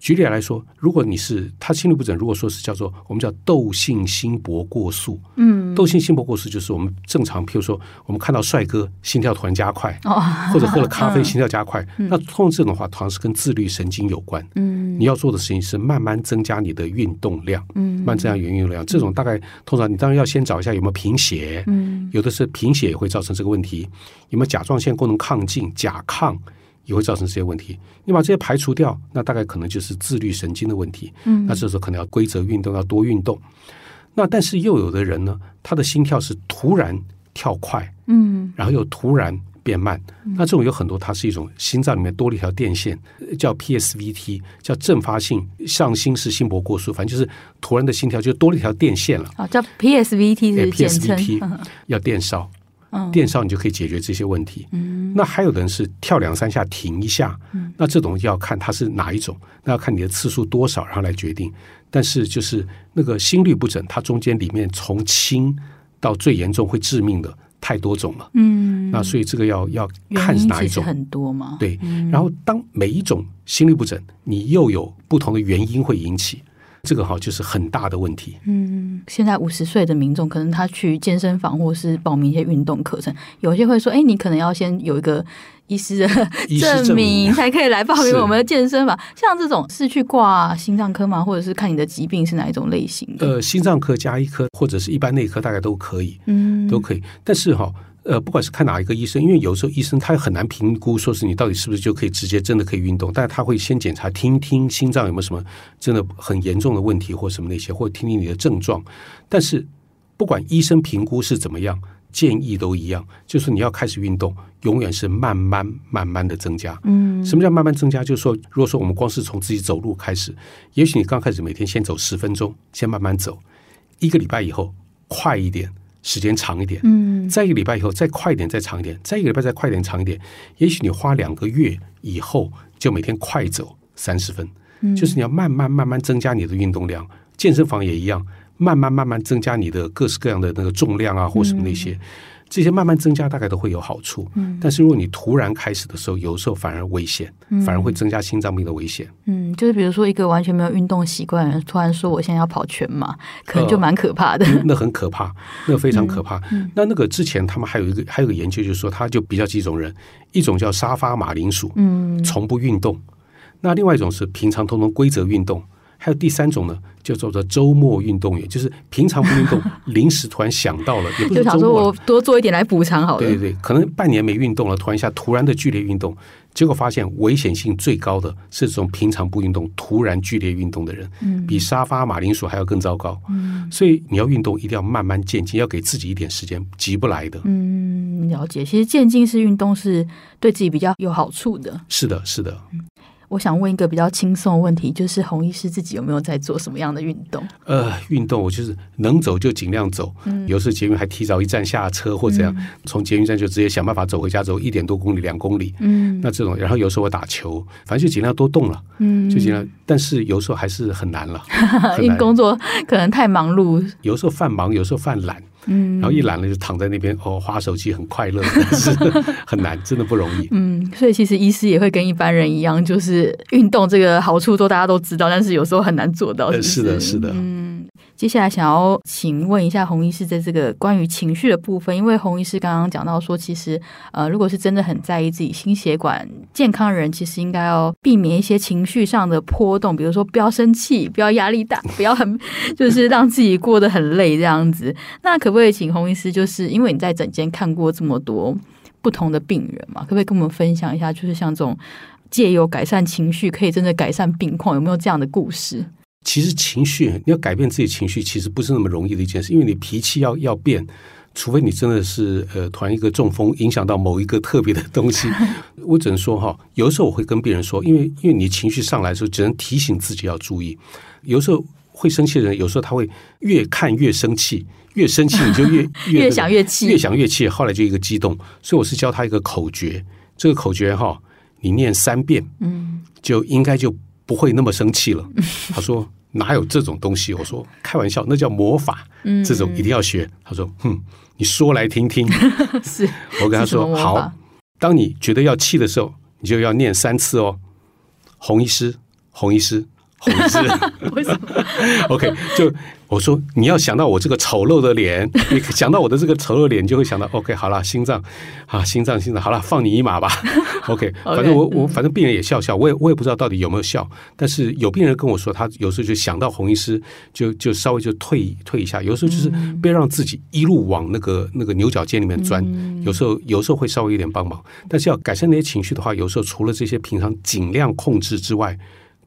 Speaker 2: 舉例來說，如果你是他心律不整，如果說是叫做我們叫竇性心搏過速，嗯，竇性心搏過速就是我們正常，譬如說我們看到帥哥心跳突然加快，哦、
Speaker 3: 或者喝了咖啡心
Speaker 2: 跳加快，嗯、那通常這種話通常是跟自律神經有關。嗯，你要做的事情是慢慢增加你的運動量，嗯，慢，慢增加運動量。這種大概通常你當然要先找一下有沒有貧血，嗯，有的是貧血也會造成這個問題，有沒有甲狀腺功能亢進、甲亢？也會造成這些問題。你把這些排除掉，那大概可能就是自律神經的問題。嗯，那這時候可能要規則運動，要多運動。那但是又有的人呢，他的心跳是突然跳快，
Speaker 3: 嗯，然
Speaker 2: 後又突然變慢。嗯、那這種有很多，他是一種心臟裡面多了一條電線，叫 PSVT，叫陣發性上心室心搏過速。反正就是突然的心跳就多了一條電線了。啊、
Speaker 1: 哦，叫 PSVT 是，是、欸、PSVT，
Speaker 2: 要電燒。電燒，你就可以解決這些問題。嗯，那還有的人是跳兩三下停一下，嗯、那這種要看它是哪一種，那要看你的次數多少，然後來決定。但是就是那個心律不整，它中間裡面從輕到最嚴重會致命的太多種了。嗯，那所以這個要要看是哪一種，很
Speaker 1: 多嘛。對，嗯、然
Speaker 2: 後當每一種心律不整，你又有不同的原因會引起。這個哈就是很大的問題。
Speaker 3: 嗯，
Speaker 1: 現在五十歲的民眾可能他去健身房或是報名一些運動課程，有些會說：“哎，你可能要先有一個醫師的證明，證明才可以來報名我們的健身房。是”像這種是去掛心臟科嗎？或者是看你的疾病是哪一種類型的？呃，
Speaker 2: 心臟科、家醫科或者是一般內科大概都可以，嗯，都可以。但是哈、哦。呃，不管是看哪一個醫生，因為有時候醫生他很難評估，說是你到底是不是就可以直接真的可以運動，但他會先檢查聽聽心臟有沒有什麼真的很嚴重的問題或什麼那些，或者聽聽你的症狀。但是不管醫生評估是怎麼樣，建議都一樣，就是你要開始運動，永遠是慢慢慢慢的增加。嗯，什麼叫慢慢增加？就是說，如果說我們光是從自己走路開始，也許你剛開始每天先走十分鐘，先慢慢走，一個禮拜以後快一點。時間長一點，再一個禮拜以後再快點，再長一點，再一個禮拜再快點，長一點。也許你花兩個月以後就每天快走三十分，就是你要慢慢慢慢增加你的運動量，健身房也一樣，慢慢慢慢增加你的各式各樣的那個重量啊，或什麼那些。這些慢慢增加，大概都會有好處。但是如果你突然開始的時候，有時候反而危險，反而會增加心臟病的危險。
Speaker 1: 嗯，就是比如說一個完全沒有運動習慣的人，突然說我現在要跑全馬，
Speaker 2: 可能就蠻
Speaker 1: 可怕的、呃嗯。那
Speaker 2: 很可怕，那非常可怕。嗯嗯、那那個之前他們還有一個還有一個研究，就是說他就比較幾種人，一種叫沙發馬鈴薯，嗯，從不運動。那另外一種是平常通通規則運動。還有第三種呢，就叫做“做周末運動員”，就是平常不運動，臨 時突然想到了，了就想說，我
Speaker 1: 多做一點來補償好了。
Speaker 2: 對，對對，可能半年沒運動了，突然一下突然的劇烈運動，結果發現危險性最高的是這種平常不運動、突然劇烈運動的人，嗯，比沙發馬鈴薯還要更糟糕。嗯，所以你要運動，一定要慢慢漸進，要給自己一點時間，急不來的。
Speaker 1: 嗯，了解。其實漸進式運動是對自己比較有好處的。
Speaker 2: 是的，是的。嗯
Speaker 1: 我想問一個比較輕鬆的問題，就是洪醫師自己有沒有在做什麼樣的運動？
Speaker 2: 呃，運動我就是能走就盡量走，嗯，有時候捷運還提早一站下車或者這樣，嗯，從捷運站就直接想辦法走回家，走一點多公里、兩公里。嗯，那這種，然後有時候我打球，反正就盡量多動了。嗯，就盡量，但是有時候還是很難了， 很難。因為工
Speaker 1: 作可能太忙碌，
Speaker 2: 有時候犯忙，有時候犯懶。然後一懶了就躺在那邊哦，滑手機很快樂，但是很難，真的不容易。
Speaker 1: 嗯，所以其實醫師也會跟一般人一樣，就是運動這個好處都大家都知道，但是有時候很難做到。是，
Speaker 2: 是，是的，是的。嗯。
Speaker 1: 接下來想要請問一下洪醫師，在這個關於情緒的部分，因為洪醫師剛剛講到說，其實呃，如果是真的很在意自己心血管健康的人，其實應該要避免一些情緒上的波動，比如說不要生氣、不要壓力大、不要很就是讓自己過得很累這樣子。那可不可以請洪醫師，就是因為你在診間看過這麼多不同的病人嘛，可不可以跟我們分享一下，就是像這種借由改善情緒可以真的改善病況，有沒有這樣的故事？
Speaker 2: 其實情緒，你要改變自己情緒，其實不是那麼容易的一件事，因為你脾氣要要變，除非你真的是呃，突然一個中風影響到某一個特別的東西。 我只能說哈，有時候我會跟病人說，因為因為你情緒上來的時候，只能提醒自己要注意。有時候會生氣的人，有時候他會越看越生氣，越生氣你就越 越想越氣，越想越氣，後來就一個激動。所以我是教他一個口訣，這個口訣哈，你念三遍，嗯，就應該就不會那麼生氣了。 他說。哪有這種東西？我說，開玩笑，那叫魔法。這種一定要學。嗯、他說：“哼，你說來聽聽。 是”是我跟他說：“好，當你覺得要氣的時候，你就要念三次哦，洪醫師，洪醫師。”洪醫師，為什麼？OK，就我說，你要想到我這個醜陋的臉， 你想到我的這個醜陋臉，你就會想到 OK，好了，心臟啊，心臟，心臟，好了，放你一馬吧。OK，, okay 反正我、嗯、我反正病人也笑笑，我也我也不知道到底有沒有笑，但是有病人跟我說，他有時候就想到洪醫師，就就稍微就退退一下，有時候就是別讓自己一路往那個那個牛角尖裡面鑽，嗯、有時候有時候會稍微有點幫忙，但是要改善那些情緒的話，有時候除了這些平常盡量控制之外，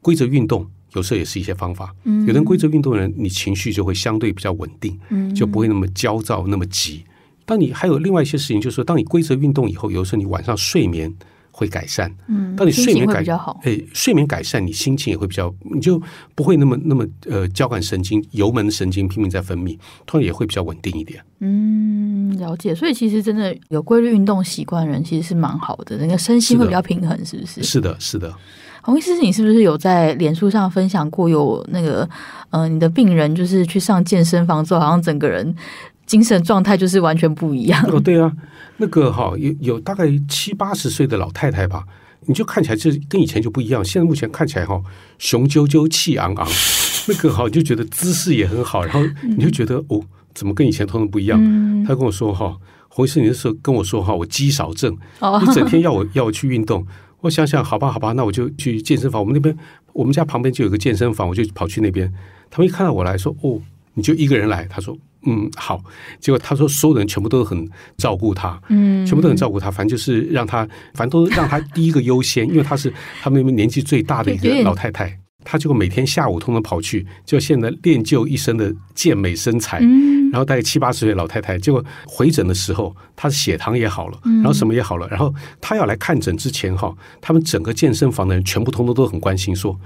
Speaker 2: 規則運動。有時候也是一些方法。有人規則運動的人，你情緒就會相對比較穩定，就不會那麼焦躁，那麼急。當你還有另外一些事情，就是說當你規則運動以後，有時候你晚上睡眠會改善。嗯，
Speaker 3: 當你睡眠改，嗯、會比較
Speaker 2: 好，欸，睡眠改善，你心情也會比較，你就不會那麼那麼呃交感神經、油門神經拼命在分泌，突然也會比較穩定一點。嗯，
Speaker 1: 了解。所以其實真的有規律運動習慣人，其實是蠻好的，那個身心會比較平衡，是的，是不是？
Speaker 2: 是的，是的。
Speaker 1: 洪醫師，你是不是有在臉書上分享過有那個嗯、呃，你的病人就是去上健身房之後，好像整個人精神狀態就是完全不一樣？哦，對
Speaker 2: 啊，那個哈、哦、有有大概七八十歲的老太太吧，你就看起來就跟以前就不一樣。現在目前看起來哈、哦，雄赳赳氣昂昂， 那個哈、哦、你就覺得姿勢也很好，然後你就覺得、嗯、哦，怎麼跟以前 totally 不一樣？嗯、他跟我說哈、哦，洪醫師，你那時候跟我說哈、哦，我肌少症，哦、你整天要我要我去運動。我想想，好吧，好吧，那我就去健身房。我們那邊，我們家旁邊就有個健身房，我就跑去那邊。他們一看到我來說：“哦，你就一個人來。”他說：“嗯，好。”結果他說，所有人全部都很照顧他，嗯，全部都很照顧他。反正就是讓他，反正都讓他第一個優先，因為他是他們那邊年紀最大的一個老太太。 他結果每天下午通通跑去，就現在練就一身的健美身材，嗯、然後大概七八十歲的老太太，結果回診的時候，她的血糖也好了，嗯、然後什麼也好了。然後她要來看診之前哈，他們整個健身房的人全部通通都很關心說，說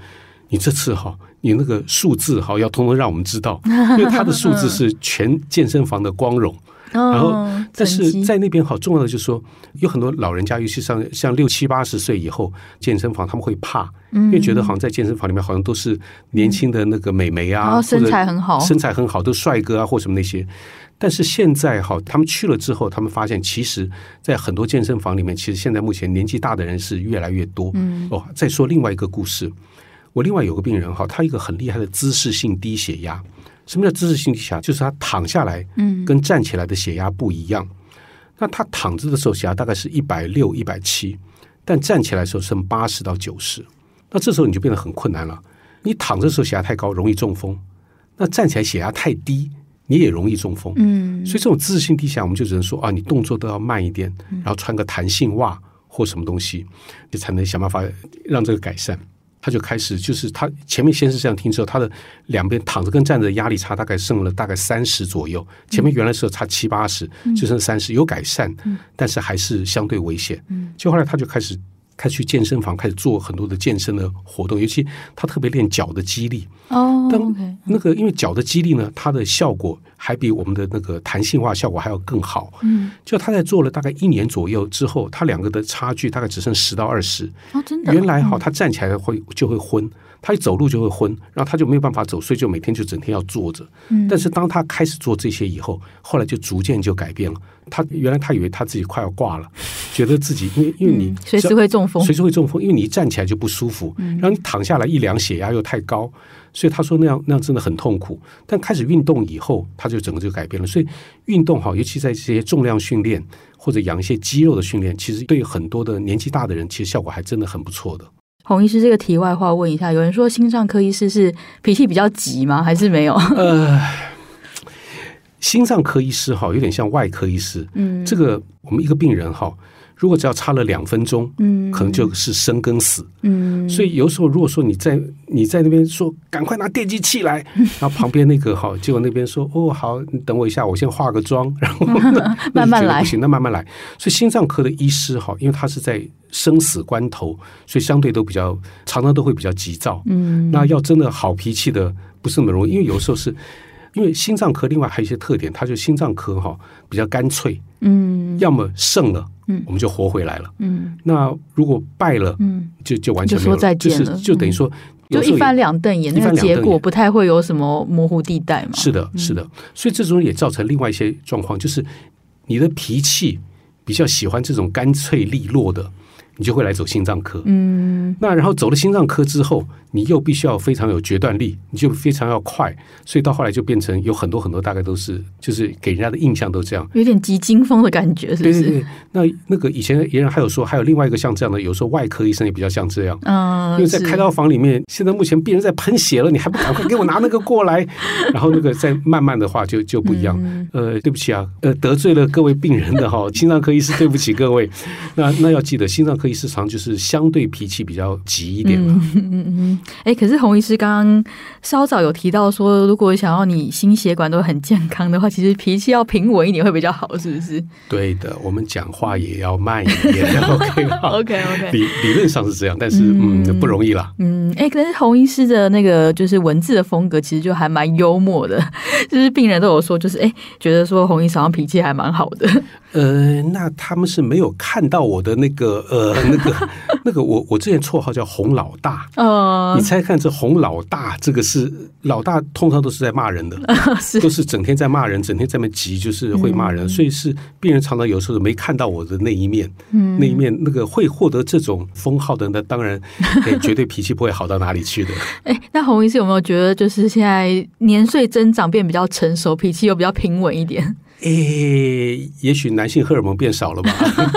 Speaker 2: 你這次哈，你那個數字哈要通通讓我們知道，因為他的數字是全健身房的光榮。 然後，但是在那邊好重要的就是說，有很多老人家，尤其像像六七八十歲以後，健身房他們會怕，因為覺得好像在健身房裡面好像都是年輕的那個美眉啊、嗯哦，身材很好，身材很好，都帥哥啊或什麼那些。但是現在哈，他們去了之後，他們發現，其實在很多健身房裡面，其實現在目前年紀大的人是越來越多。嗯、哦，再說另外一個故事，我另外有個病人哈，他一個很厲害的姿勢性低血壓。什麼叫姿勢性低下？就是他躺下來，跟站起來的血壓不一樣。嗯、那他躺着的時候血壓大概是一百六、一百七，但站起來的時候剩八十到九十。那這時候你就變得很困難了。你躺着的時候血壓太高，容易中風；那站起來血壓太低，你也容易中風。嗯、所以這種姿勢性低下，我們就只能說啊，你動作都要慢一點，然後穿個彈性襪或什麼東西，你才能想辦法讓這個改善。他就開始，就是他前面先是這樣停車，他的兩邊躺着跟站着的壓力差大概剩了大概三十左右，前面原來時候差七八十，就剩三十，有改善，但是還是相對危險。就後來他就開始。開始去健身房，開始做很多的健身的活動，尤其他特別練腳的肌力。哦，oh, okay. 但那個因為腳的肌力呢，它的效果還比我們的那個彈性化效果還要更好。嗯，就他在做了大概一年左右之後，他兩個的差距大概只剩十到二十。哦，
Speaker 3: 真的，原來哈，他
Speaker 2: 站起來會就會昏。他一走路就會昏，然後他就沒有辦法走，所以就每天就整天要坐着。嗯、但是當他開始做這些以後，後來就逐漸就改變了。他原來他以為他自己快要掛了，覺得自己因為因為你、嗯、隨時會中風，隨時會中風，因為你一站起來就不舒服，然後你躺下來一量血壓又太高，嗯、所以他說那樣那樣真的很痛苦。但開始運動以後，他就整個就改變了。所以運動哈，尤其在這些重量訓練或者養一些肌肉的訓練，其實對很多的年紀大的人，其實效果還真的很不錯的。
Speaker 1: 洪醫師，這個題外話問一下，有人說心臟科醫師是脾氣比較急嗎？還是沒有？
Speaker 2: 呃，心臟科醫師哈，有點像外科醫師。嗯，這個我們一個病人哈。如果只要差了兩分鐘，嗯，可能就是生跟死，
Speaker 3: 嗯，所以
Speaker 2: 有時候如果說你在你在那邊說趕快拿電擊器來，嗯，然後旁邊那個哈， 結果那邊說哦，好，你等我一下，我先化個妝，然後慢慢來，那不行，那慢慢來。慢慢來，所以心臟科的醫師哈，因為他是在生死關頭，所以相對都比較常常都會比較急躁，嗯，那要真的好脾氣的不是那麼容易，因為有時候是因為心臟科另外還有一些特點，他就是心臟科哈比較乾脆，
Speaker 3: 嗯，要
Speaker 2: 麼剩了。嗯，我們就活回來了。嗯，那如果敗了，嗯，就就完全沒有，就是就等於說，嗯、就一翻
Speaker 1: 兩瞪眼，瞪眼，那個結果不太會有什麼模糊地帶嘛。是的，
Speaker 2: 是的。嗯、所以這種也造成另外一些狀況，就是你的脾氣比較喜歡這種乾脆利落的。你就會來走心臟科，
Speaker 3: 嗯，
Speaker 2: 那然後走了心臟科之後，你又必須要非常有決斷力，你就非常要快，所以到後來就變成有很多很多大概都是就是給人家的印象都這樣，
Speaker 1: 有點急驚風的感覺，對對對，是不
Speaker 2: 是？那那個以前別人還有說，還有另外一個像這樣的，有時候外科醫生也比較像這樣，
Speaker 3: 嗯、因為在開刀
Speaker 2: 房裡面，是現在目前病人在噴血了，你還不趕快給我拿那個過來？ 然後那個再慢慢的話就就不一樣，嗯、呃，對不起啊，呃，得罪了各位病人的哈，心臟科醫師對不起各位， 那那要記得心臟科，醫生就是相對脾氣比較急一點嘛、
Speaker 1: 嗯。嗯嗯。哎、欸，可是洪醫師剛剛稍早有提到說，如果想要你心血管都很健康的話，其實脾氣要平穩一點會比較好，是不是？
Speaker 2: 對的，我們講話也要慢一點 OK，OK OK 理，理理論上是這樣，但是嗯，嗯不容易了嗯，
Speaker 3: 哎、
Speaker 1: 欸，可是洪醫師的那個就是文字的風格，其實就還蠻幽默的，就是病人都有說，就是哎、欸，覺得說洪醫生好像脾氣還蠻好的。
Speaker 2: 呃，那他們是沒有看到我的那個呃。那個、 呃、那個，那個、我我之前綽號叫“洪老大”，
Speaker 3: 哦、呃，你猜
Speaker 2: 看這“洪老大”這個是老大，通常都是在罵人的，呃、是都是整天在罵人，整天在那急，就是會罵人，嗯、所以是病人常常有時候沒看到我的那一面，嗯，那一面那個會獲得這種封號的，那當然也、欸、絕對脾氣不會好到哪裡去的。
Speaker 1: 哎、 欸，那洪醫師有沒有覺得，就是現在年歲增長變比較成熟，脾氣又比較平穩一點？
Speaker 2: 誒，也許男性荷爾蒙變少了吧？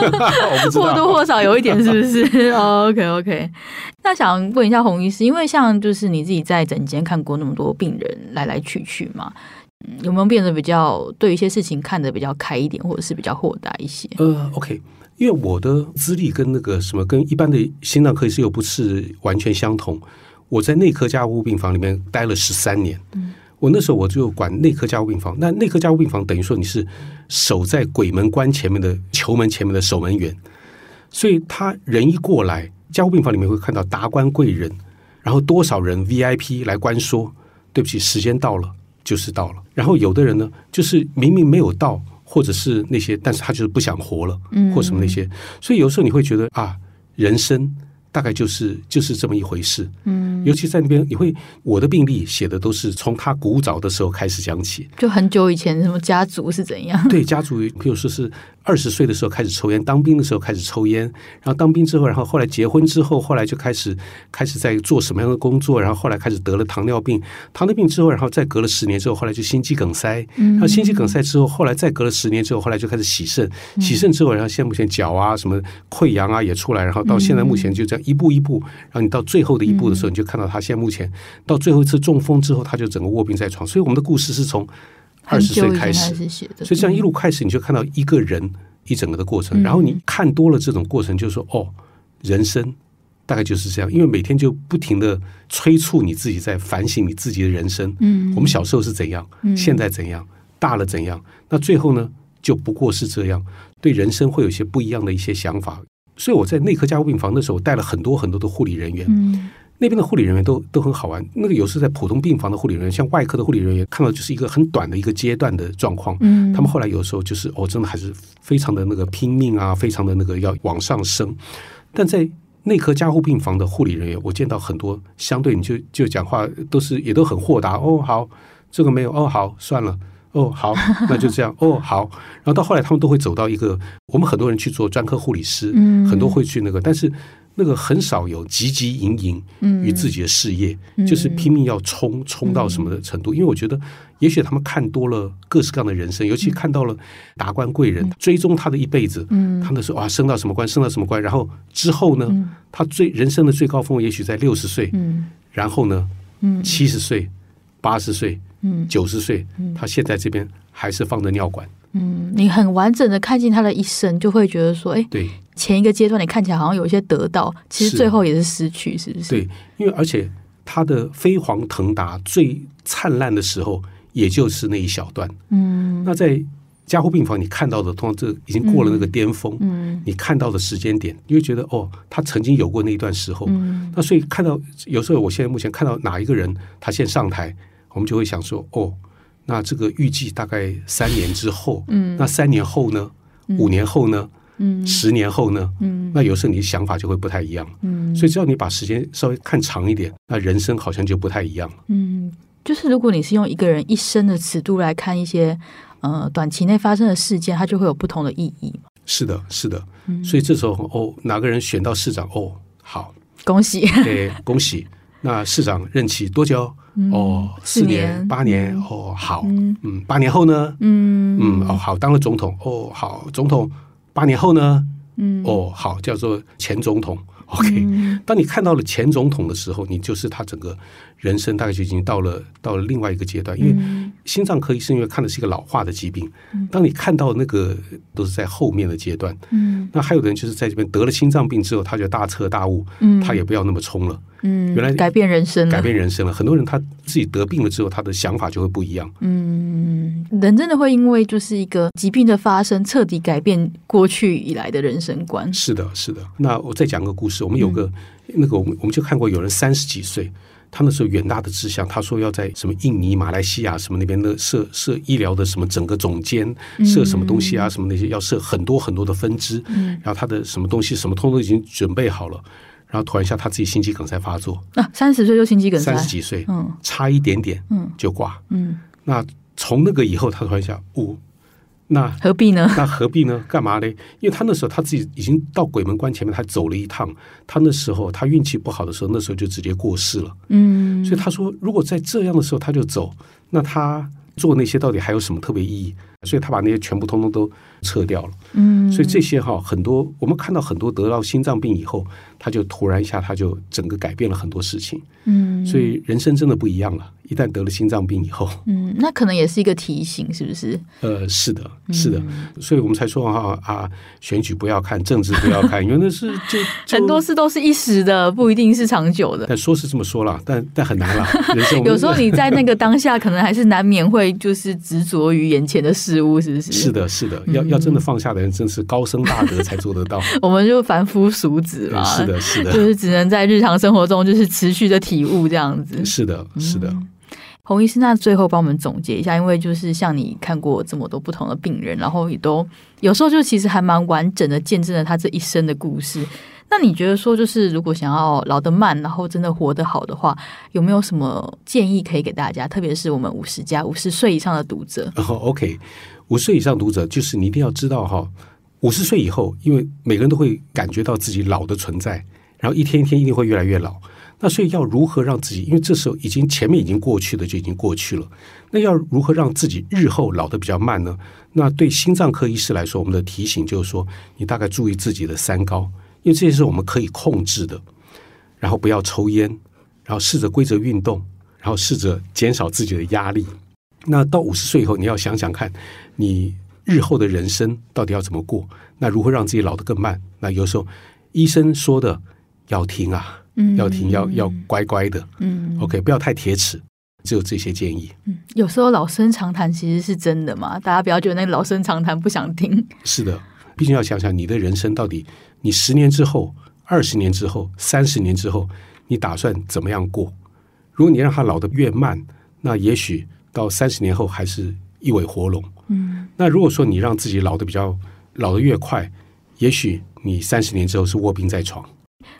Speaker 2: 或多或
Speaker 1: 少有一點，是不是 ？OK OK，那想問一下洪醫師，因為像就是你自己在診間看過那麼多病人來來去去嘛、嗯，有沒有變得比較對一些事情看得比較開一點，或者是比較豁達一些？呃
Speaker 2: ，OK，因為我的資歷跟那個什麼，跟一般的心臟科醫師又不是完全相同，我在內科加護病房裡面待了十三年。嗯我那時候我就管內科加護病房，那內科加護病房等於說你是守在鬼門關前面的球門前面的守門員，所以他人一過來，加護病房裡面會看到達官貴人，然後多少人 VIP 來關說，對不起，時間到了就是到了。然後有的人呢，就是明明沒有到，或者是那些，但是他就是不想活了，或什麼那些，嗯，所以有時候你會覺得啊，人生。大概就是就是這麼一回事，嗯，尤其在那邊你會，我的病歷寫的都是從他古早的時候開始講起，
Speaker 1: 就很久以前什麼家族是怎樣，
Speaker 2: 對家族比如說是。二十歲的時候開始抽煙，當兵的時候開始抽煙，然後當兵之後，然後後來結婚之後，後來就開始開始在做什麼樣的工作，然後後來開始得了糖尿病，糖尿病之後，然後再隔了十年之後，後來就心肌梗塞，然後心肌梗塞之後，後來再隔了十年之後，後來就開始洗腎，洗腎之後，然後現目前腳啊什麼潰瘍啊也出來，然後到現在目前就這樣一步一步，然後你到最後的一步的時候，你就看到他現在目前到最後一次中風之後，他就整個臥病在床，所以我們的故事是從。二十歲開始，以開
Speaker 1: 始所以這樣一路
Speaker 2: 開始，你就看到一個人一整個的過程。嗯、然後你看多了這種過程就是，就說哦，人生大概就是這樣。因為每天就不停地催促你自己在反省你自己的人生。嗯，我們小時候是怎樣？嗯、現在怎樣？大了怎樣？那最後呢？就不過是這樣。對人生會有一些不一樣的一些想法。所以我在內科加護病房的時候，帶了很多很多的護理人員。嗯那邊的護理人員都都很好玩，那個有時候在普通病房的護理人員，像外科的護理人員，看到就是一個很短的一個階段的狀況。嗯、他們後來有時候就是，哦，真的還是非常的那個拼命啊，非常的那個要往上升。但在內科加護病房的護理人員，我見到很多，相對你就就講話都是也都很豁達。哦，好，這個沒有，哦，好，算了，哦，好，那就這樣， 哦，好。然後到後來，他們都會走到一個，我們很多人去做專科護理師，嗯、很多會去那個，但是。這個很少有汲汲營營於自己的事業，就是拼命要衝衝到什麼的程度。因為我覺得，也許他們看多了各式各樣的人生，尤其看到了達官貴人，追蹤他的一輩子。嗯，他們說啊，升到什麼官，升到什麼官，然後之後呢，他最人生的最高峰也許在六十歲，嗯，然後呢，七十歲、八十歲、九十歲，他現在這邊還是放着尿管。
Speaker 1: 嗯，你很完整的看見他的一生，就會覺得說，哎，對。前一個階段，你看起來好像有一些得到，其實最後也是失去，是，是不是？
Speaker 2: 對，因為而且他的飛黃騰達最燦爛的時候，也就是那一小段。
Speaker 3: 嗯，
Speaker 2: 那在加護病房你看到的，通常這已經過了那個巔峰。嗯，嗯，你看到的時間點，你會覺得哦，他曾經有過那一段時候。嗯，那所以看到有時候，我現在目前看到哪一個人他先上台，我們就會想說哦，那這個預計大概三年之後，嗯，那三年後呢？嗯，五年後呢？十年後呢？嗯，那有時候你的想法就會不太一樣。嗯，所以只要你把時間稍微看長一點，那人生好像就不太一樣了。
Speaker 1: 嗯，就是如果你是用一個人一生的尺度來看一些呃，短期內發生的事件，它就會有不同的意義。
Speaker 2: 是的，是的。所以這時候哦，哪個人選到市長？哦，好，
Speaker 1: 恭喜。對，
Speaker 2: 恭喜。那市長任期多久？哦，四年、八年？哦，好。嗯，八年後呢？嗯嗯，哦，好，當了總統？哦，好，總統。八年後呢？哦、嗯，oh, 好，叫做前總統。OK，當你看到了前總統的時候，你就是他整個。人生大概就已經到了到了另外一個階段，因為心臟科醫生因為看的是一個老化的疾病，嗯，當你看到那個都是在後面的階段，嗯，那還有的人就是在這邊得了心臟病之後，他就大徹大悟，嗯，他也不要那麼衝
Speaker 3: 了，嗯，原來
Speaker 2: 改變人生了，改變人生了。很多人他自己得病了之後，他的想法就會不一樣，
Speaker 1: 嗯，人真的會因為就是一個疾病的發生，徹底改變過去以來的人生觀。
Speaker 2: 是的，是的。那我再講個故事，我們有個，嗯，那個我們我們就看過有人三十幾歲。他那時候遠大的志向，他說要在什麼印尼、馬來西亞什麼那邊的設設醫療的什麼整個總監、嗯、設什麼東西啊，什麼那些要設很多很多的分支，嗯、然後他的什麼東西什麼通都已經準備好了，然後突然一下他自己心肌梗塞發作，
Speaker 1: 啊，三十歲就心肌梗塞，三十幾
Speaker 2: 歲，嗯，差一點點，嗯，嗯，就掛，嗯，那從那個以後，他突然想，哦。那何必呢？那何必呢？幹嘛嘞？因為他那時候他自己已經到鬼門關前面，他走了一趟。他那時候他運氣不好的時候，那時候就直接過世了。嗯，所以他說，如果在這樣的時候他就走，那他做那些到底還有什麼特別意義？所以他把那些全部通通都。撤掉了，嗯，所以這些哈很多，我們看到很多得到心臟病以後，他就突然一下，他就整個改變了很多事情，嗯，所以人生真的不一樣了。一旦得了心臟病以後，
Speaker 1: 嗯，那可能也是一個
Speaker 2: 提醒，是不是？呃，是的，是的，所以我們才說哈啊，選舉不要看，政治不要看，因為那是就，就
Speaker 1: 很多事都是一時的，不一定是長久的。
Speaker 2: 但說是這麼說了，但但很難了。人生 有時候你在那
Speaker 1: 個當下， 可能還是難免會就是執着於眼前的事物，是不是？是的，
Speaker 2: 是的，要。嗯要真的放下的人，真是高僧大德才做得到。
Speaker 1: 我們就凡夫俗子嘛，嗯、是的，是的，就是只能在日常生活中，就是持續的體悟這樣
Speaker 2: 子。是的，是的。嗯、是
Speaker 1: 的 洪醫師，那最後幫我們總結一下，因為就是像你看過這麼多不同的病人，然後也都有時候就其實還蠻完整的見證了他這一生的故事。那你覺得說，就是如果想要老得慢，然後真的活得好的話，有沒有什麼建議可以給大家？特別是我們五十加、五十歲以上的
Speaker 2: 讀者。然後、哦、，OK。五十歲以上讀者，就是你一定要知道哈。五十歲以後，因為每個人都會感覺到自己老的存在，然後一天一天一定會越來越老。那所以要如何讓自己？因為這時候已經前面已經過去的就已經過去了。那要如何讓自己日後老得比較慢呢？那對心臟科醫師來說，我們的提醒就是說，你大概注意自己的三高，因為這些是我們可以控制的。然後不要抽菸，然後試着規則運動，然後試着減少自己的壓力。那到五十歲以後，你要想想看你日後的人生到底要怎麼過？那如何讓自己老得更慢？那有時候醫生說的要聽啊，嗯，要聽，要要乖乖的，
Speaker 1: 嗯，OK，
Speaker 2: 不要太鐵齒，只有這些建議。嗯，
Speaker 1: 有時候老生常談其實是真的嘛，大家不要覺得那老生常談不想聽。
Speaker 2: 是的，畢竟要想想你的人生到底，你十年之後、二十年之後、三十年之後，你打算怎麼樣過？如果你讓他老得越慢，那也許。到三十年後還是一尾活龍。嗯，那如果說你讓自己老得比較老得越快，也許你三十年之後是臥病在床。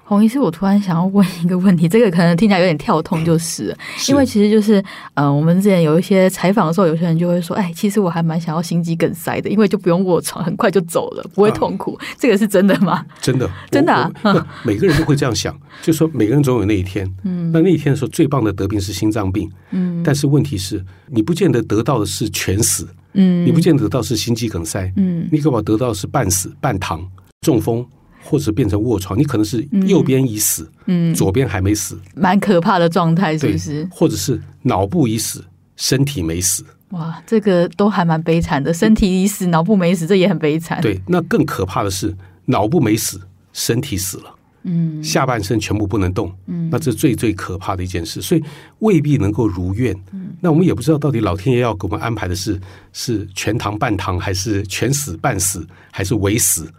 Speaker 1: 洪醫師，我突然想要問一個問題，這個可能聽起來有點跳痛，就是,是因為其實就是，呃，我們之前有一些採訪的時候，有些人就會說，哎，其實我還蠻想要心肌梗塞的，因為就不用臥床，很快就走了，不會痛苦。啊、這個是真的嗎？
Speaker 2: 真的，真
Speaker 1: 的、啊，我
Speaker 2: 每個人都會這樣想，就說每個人總有那一天。嗯，那那一天的時候，最棒的得病是心臟病。
Speaker 3: 嗯，但是
Speaker 2: 問題是，你不見得得到的是全死。嗯，你不見得到是心肌梗塞。嗯，你可把得到的是半死半躺，中風。或者變成臥床，你可能是右邊已死，嗯嗯、左邊還沒死，
Speaker 1: 蠻可怕的狀態，是不是？
Speaker 2: 或者是腦部已死，身體沒死，
Speaker 1: 哇，這個都還蠻悲慘的。身體已死，腦部沒死，這也很悲慘。對，
Speaker 2: 那更可怕的是腦部沒死，身體死了，嗯，下半身全部不能動，嗯，那這最最可怕的一件事，所以未必能夠如願。嗯、那我們也不知道到底老天爺要給我們安排的是是全糖半糖，還是全死半死，還是唯死。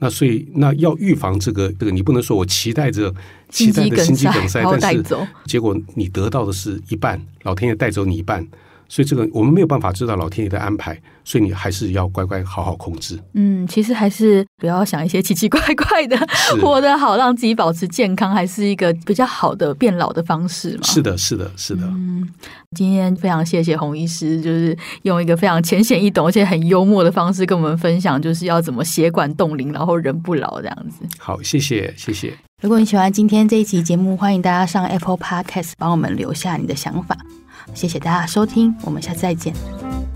Speaker 2: 那所以，那要預防這個，這個你不能說我期待着期待着心肌梗塞，梗塞，但是結果你得到的是一半， 老天爺帶走你一半。所以這個我們沒有辦法知道老天爺的安排，所以你還是要乖乖好好控制。
Speaker 1: 嗯，其實還是不要想一些奇奇怪怪的是活得好，讓自己保持健康，還是一個比較好的變老的方式嘛。是
Speaker 2: 的，是的，是的。
Speaker 1: 嗯，今天非常謝謝洪醫師，就是用一個非常淺顯易懂而且很幽默的方式跟我們分享，就是要怎麼血管凍齡，然後人不老這樣子。好，
Speaker 2: 謝謝，謝謝。
Speaker 1: 如果你喜歡今天這一期節目，歡迎大家上 Apple Podcast 幫我們留下你的想法。謝謝大家收聽，我們下次再見。